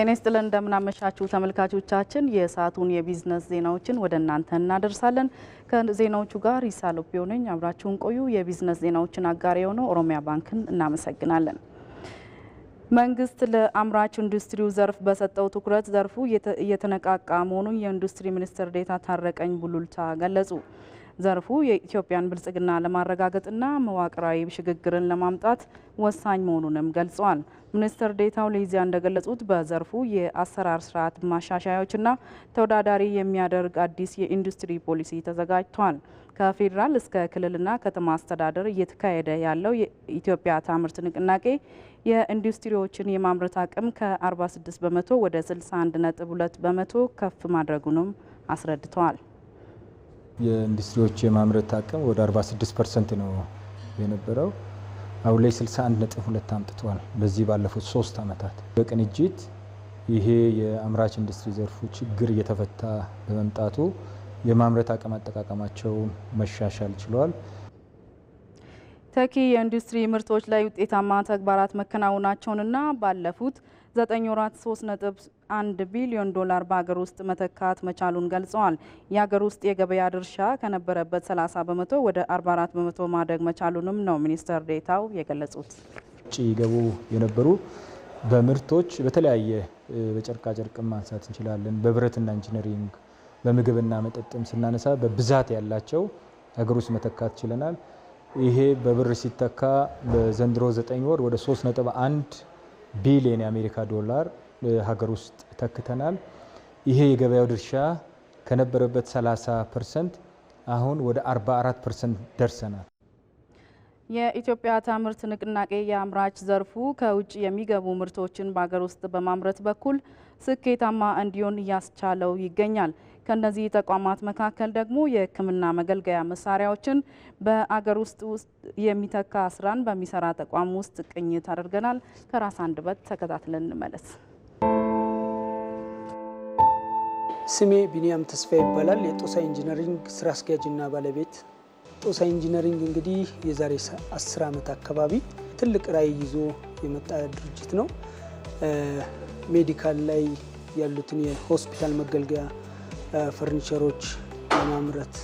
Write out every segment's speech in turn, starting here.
ጤና ይስጥልን እንደምናመሻችሁ ተመልካቾቻችን፣ የሰዓቱን የቢዝነስ ዜናዎችን ወደ እናንተ እናደርሳለን። ከዜናዎቹ ጋር ይሳሎፒዮ ነኝ። አብራችሁን ቆዩ። የቢዝነስ ዜናዎችን አጋር የሆነው ኦሮሚያ ባንክን እናመሰግናለን። መንግስት ለአምራች ኢንዱስትሪው ዘርፍ በሰጠው ትኩረት ዘርፉ እየተነቃቃ መሆኑን የኢንዱስትሪ ሚኒስትር ዴታ ታረቀኝ ቡሉልታ ገለጹ። ዘርፉ የኢትዮጵያን ብልጽግና ለማረጋገጥና መዋቅራዊ ሽግግርን ለማምጣት ወሳኝ መሆኑንም ገልጿል። ሚኒስትር ዴታው ለኢዜአ እንደገለጹት በዘርፉ የአሰራር ስርዓት ማሻሻያዎችና ተወዳዳሪ የሚያደርግ አዲስ የኢንዱስትሪ ፖሊሲ ተዘጋጅቷል። ከፌዴራል እስከ ክልልና ከተማ አስተዳደር እየተካሄደ ያለው የኢትዮጵያ ታምርት ንቅናቄ የኢንዱስትሪዎችን የማምረት አቅም ከ46 በመቶ ወደ 61.2 በመቶ ከፍ ማድረጉንም አስረድተዋል። የኢንዱስትሪዎች የማምረት አቅም ወደ 46 ፐርሰንት ነው የነበረው። አሁን ላይ 61 ነጥብ ሁለት አምጥቷል። በዚህ ባለፉት ሶስት ዓመታት በቅንጅት ይሄ የአምራች ኢንዱስትሪ ዘርፉ ችግር እየተፈታ በመምጣቱ የማምረት አቅም አጠቃቀማቸውን መሻሻል ችለዋል። ተኪ የኢንዱስትሪ ምርቶች ላይ ውጤታማ ተግባራት መከናወናቸውንና ባለፉት ዘጠኝ ወራት ቢሊዮን ዶላር በሀገር ውስጥ መተካት መቻሉን ገልጸዋል። የሀገር ውስጥ የገበያ ድርሻ ከነበረበት 30 በመቶ ወደ 44 በመቶ ማደግ መቻሉንም ነው ሚኒስትር ዴታው የገለጹት። ውጭ ይገቡ የነበሩ በምርቶች በተለያየ በጨርቃ ጨርቅ ማንሳት እንችላለን። በብረትና ኢንጂነሪንግ፣ በምግብና መጠጥም ስናነሳ በብዛት ያላቸው ሀገር ውስጥ መተካት ችለናል። ይሄ በብር ሲተካ በዘንድሮ 9 ወር ወደ 3.1 ቢሊዮን የአሜሪካ ዶላር ሀገር ውስጥ ተክተናል። ይሄ የገበያው ድርሻ ከነበረበት 30 ፐርሰንት አሁን ወደ 44 ፐርሰንት ደርሰናል። የኢትዮጵያ ታምርት ንቅናቄ የአምራች ዘርፉ ከውጭ የሚገቡ ምርቶችን በሀገር ውስጥ በማምረት በኩል ስኬታማ እንዲሆን እያስቻለው ይገኛል። ከእነዚህ ተቋማት መካከል ደግሞ የሕክምና መገልገያ መሳሪያዎችን በአገር ውስጥ ውስጥ የሚተካ ስራን በሚሰራ ተቋም ውስጥ ቅኝት አድርገናል። ከራስ አንድ በት ተከታትለን እንመለስ። ስሜ ቢኒያም ተስፋ ይባላል። የጦሳ ኢንጂነሪንግ ስራ አስኪያጅና ባለቤት ጦሳ ኢንጂነሪንግ እንግዲህ የዛሬ አስር ዓመት አካባቢ ትልቅ ራዕይ ይዞ የመጣ ድርጅት ነው። ሜዲካል ላይ ያሉትን የሆስፒታል መገልገያ ፈርኒቸሮች ለማምረት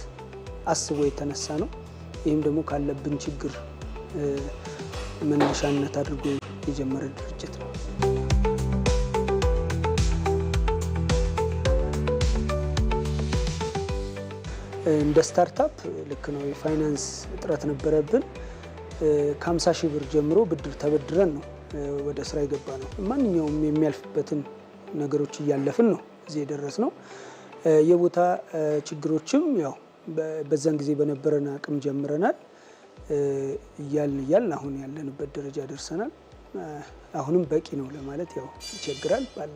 አስቦ የተነሳ ነው። ይህም ደግሞ ካለብን ችግር መነሻነት አድርጎ የጀመረ ድርጅት ነው። እንደ ስታርታፕ ልክ ነው። የፋይናንስ እጥረት ነበረብን። ሺህ ብር ጀምሮ ብድር ተበድረን ነው ወደ ስራ የገባ ነው። ማንኛውም የሚያልፍበትን ነገሮች እያለፍን ነው እዚህ የደረስ ነው። የቦታ ችግሮችም ያው በዛን ጊዜ በነበረን አቅም ጀምረናል እያልን እያልን አሁን ያለንበት ደረጃ ደርሰናል። አሁንም በቂ ነው ለማለት ያው ይቸግራል። ባለ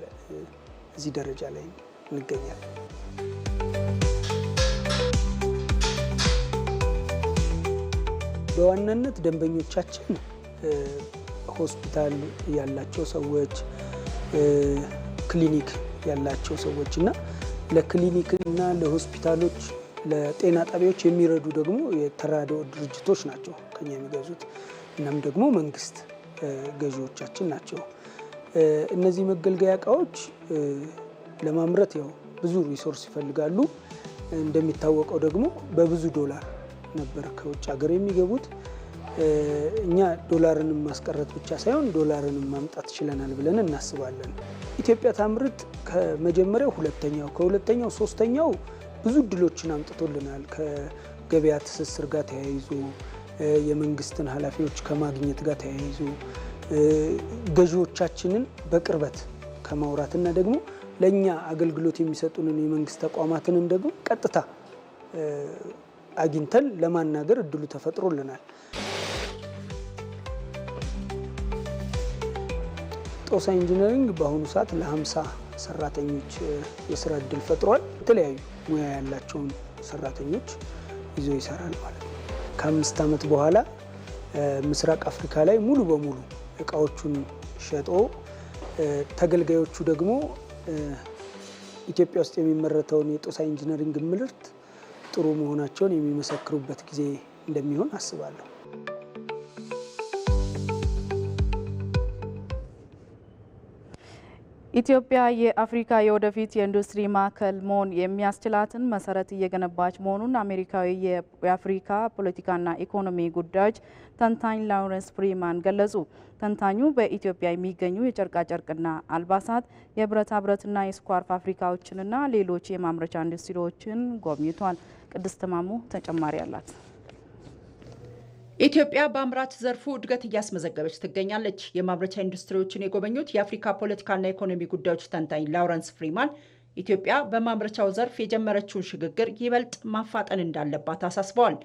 እዚህ ደረጃ ላይ እንገኛለን። በዋናነት ደንበኞቻችን ሆስፒታል ያላቸው ሰዎች፣ ክሊኒክ ያላቸው ሰዎች እና ለክሊኒክና ለሆስፒታሎች ለጤና ጣቢያዎች የሚረዱ ደግሞ የተራድኦ ድርጅቶች ናቸው ከኛ የሚገዙት። እናም ደግሞ መንግስት ገዢዎቻችን ናቸው። እነዚህ መገልገያ እቃዎች ለማምረት ያው ብዙ ሪሶርስ ይፈልጋሉ። እንደሚታወቀው ደግሞ በብዙ ዶላር ነበር ከውጭ ሀገር የሚገቡት። እኛ ዶላርንም ማስቀረት ብቻ ሳይሆን ዶላርንም ማምጣት ችለናል ብለን እናስባለን። ኢትዮጵያ ታምርት ከመጀመሪያው ሁለተኛው ከሁለተኛው ሶስተኛው ብዙ እድሎችን አምጥቶልናል። ከገበያ ትስስር ጋር ተያይዞ የመንግስትን ኃላፊዎች ከማግኘት ጋር ተያይዞ ገዢዎቻችንን በቅርበት ከማውራትና ደግሞ ለእኛ አገልግሎት የሚሰጡንን የመንግስት ተቋማትንም ደግሞ ቀጥታ አግኝተን ለማናገር እድሉ ተፈጥሮልናል። ጦሳ ኢንጂነሪንግ በአሁኑ ሰዓት ለ50 ሰራተኞች የስራ እድል ፈጥሯል። የተለያዩ ሙያ ያላቸውን ሰራተኞች ይዞ ይሰራል ማለት ነው። ከአምስት ዓመት በኋላ ምስራቅ አፍሪካ ላይ ሙሉ በሙሉ እቃዎቹን ሸጦ ተገልጋዮቹ ደግሞ ኢትዮጵያ ውስጥ የሚመረተውን የጦሳ ኢንጂነሪንግ ምርት ጥሩ መሆናቸውን የሚመሰክሩበት ጊዜ እንደሚሆን አስባለሁ። ኢትዮጵያ የአፍሪካ የወደፊት የኢንዱስትሪ ማዕከል መሆን የሚያስችላትን መሰረት እየገነባች መሆኑን አሜሪካዊ የአፍሪካ ፖለቲካና ኢኮኖሚ ጉዳዮች ተንታኝ ላውረንስ ፍሪማን ገለጹ። ተንታኙ በኢትዮጵያ የሚገኙ የጨርቃጨርቅና አልባሳት፣ የብረታ ብረትና የስኳር ፋብሪካዎችንና ሌሎች የማምረቻ ኢንዱስትሪዎችን ጎብኝቷል። ቅድስት ማሙ ተጨማሪ አላት። ኢትዮጵያ በአምራች ዘርፉ እድገት እያስመዘገበች ትገኛለች። የማምረቻ ኢንዱስትሪዎችን የጎበኙት የአፍሪካ ፖለቲካና ኢኮኖሚ ጉዳዮች ተንታኝ ላውረንስ ፍሪማን ኢትዮጵያ በማምረቻው ዘርፍ የጀመረችውን ሽግግር ይበልጥ ማፋጠን እንዳለባት አሳስበዋል።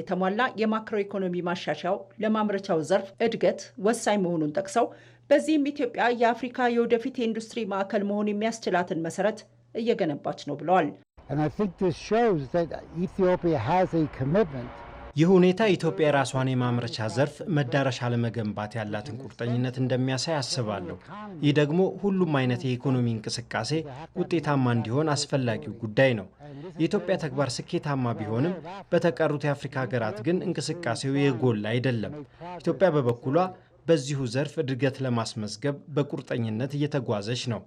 የተሟላ የማክሮ ኢኮኖሚ ማሻሻያው ለማምረቻው ዘርፍ እድገት ወሳኝ መሆኑን ጠቅሰው በዚህም ኢትዮጵያ የአፍሪካ የወደፊት የኢንዱስትሪ ማዕከል መሆን የሚያስችላትን መሰረት እየገነባች ነው ብለዋል። ይህ ሁኔታ ኢትዮጵያ የራሷን የማምረቻ ዘርፍ መዳረሻ ለመገንባት ያላትን ቁርጠኝነት እንደሚያሳይ አስባለሁ። ይህ ደግሞ ሁሉም አይነት የኢኮኖሚ እንቅስቃሴ ውጤታማ እንዲሆን አስፈላጊው ጉዳይ ነው። የኢትዮጵያ ተግባር ስኬታማ ቢሆንም በተቀሩት የአፍሪካ ሀገራት ግን እንቅስቃሴው የጎላ አይደለም። ኢትዮጵያ በበኩሏ በዚሁ ዘርፍ እድገት ለማስመዝገብ በቁርጠኝነት እየተጓዘች ነው።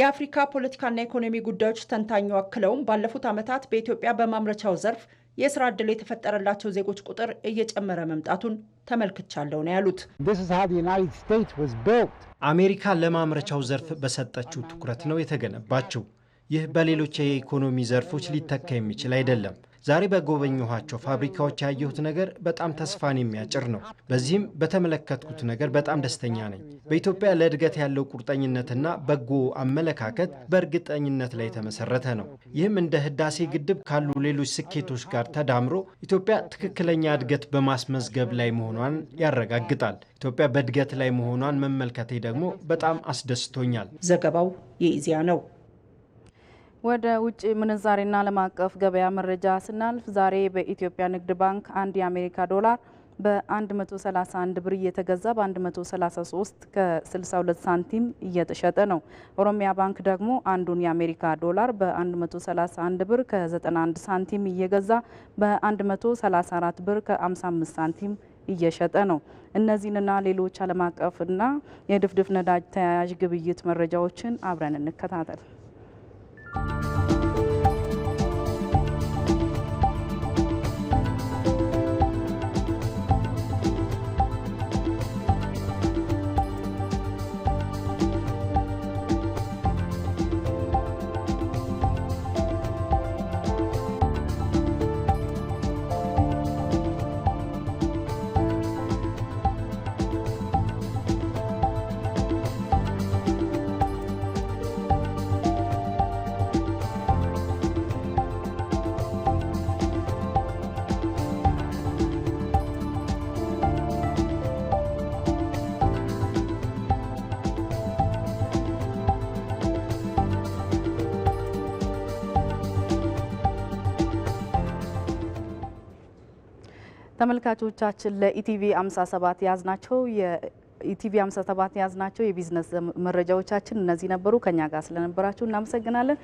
የአፍሪካ ፖለቲካና ኢኮኖሚ ጉዳዮች ተንታኙ አክለውም ባለፉት ዓመታት በኢትዮጵያ በማምረቻው ዘርፍ የስራ እድል የተፈጠረላቸው ዜጎች ቁጥር እየጨመረ መምጣቱን ተመልክቻለሁ ነው ያሉት። አሜሪካ ለማምረቻው ዘርፍ በሰጠችው ትኩረት ነው የተገነባቸው። ይህ በሌሎች የኢኮኖሚ ዘርፎች ሊተካ የሚችል አይደለም። ዛሬ በጎበኘኋቸው ፋብሪካዎች ያየሁት ነገር በጣም ተስፋን የሚያጭር ነው። በዚህም በተመለከትኩት ነገር በጣም ደስተኛ ነኝ። በኢትዮጵያ ለእድገት ያለው ቁርጠኝነትና በጎ አመለካከት በእርግጠኝነት ላይ የተመሰረተ ነው። ይህም እንደ ህዳሴ ግድብ ካሉ ሌሎች ስኬቶች ጋር ተዳምሮ ኢትዮጵያ ትክክለኛ እድገት በማስመዝገብ ላይ መሆኗን ያረጋግጣል። ኢትዮጵያ በእድገት ላይ መሆኗን መመልከቴ ደግሞ በጣም አስደስቶኛል። ዘገባው የኢዜአ ነው። ወደ ውጭ ምንዛሬና ዓለም አቀፍ ገበያ መረጃ ስናልፍ ዛሬ በኢትዮጵያ ንግድ ባንክ አንድ የአሜሪካ ዶላር በ131 ብር እየተገዛ በ133 ከ62 ሳንቲም እየተሸጠ ነው። ኦሮሚያ ባንክ ደግሞ አንዱን የአሜሪካ ዶላር በ131 ብር ከ91 ሳንቲም እየገዛ በ134 ብር ከ55 ሳንቲም እየሸጠ ነው። እነዚህንና ሌሎች ዓለም አቀፍና የድፍድፍ ነዳጅ ተያያዥ ግብይት መረጃዎችን አብረን እንከታተል። ተመልካቾቻችን ለኢቲቪ 57 ያዝናቸው የኢቲቪ 57 ያዝናቸው የቢዝነስ መረጃዎቻችን እነዚህ ነበሩ። ከኛ ጋር ስለነበራችሁ እናመሰግናለን።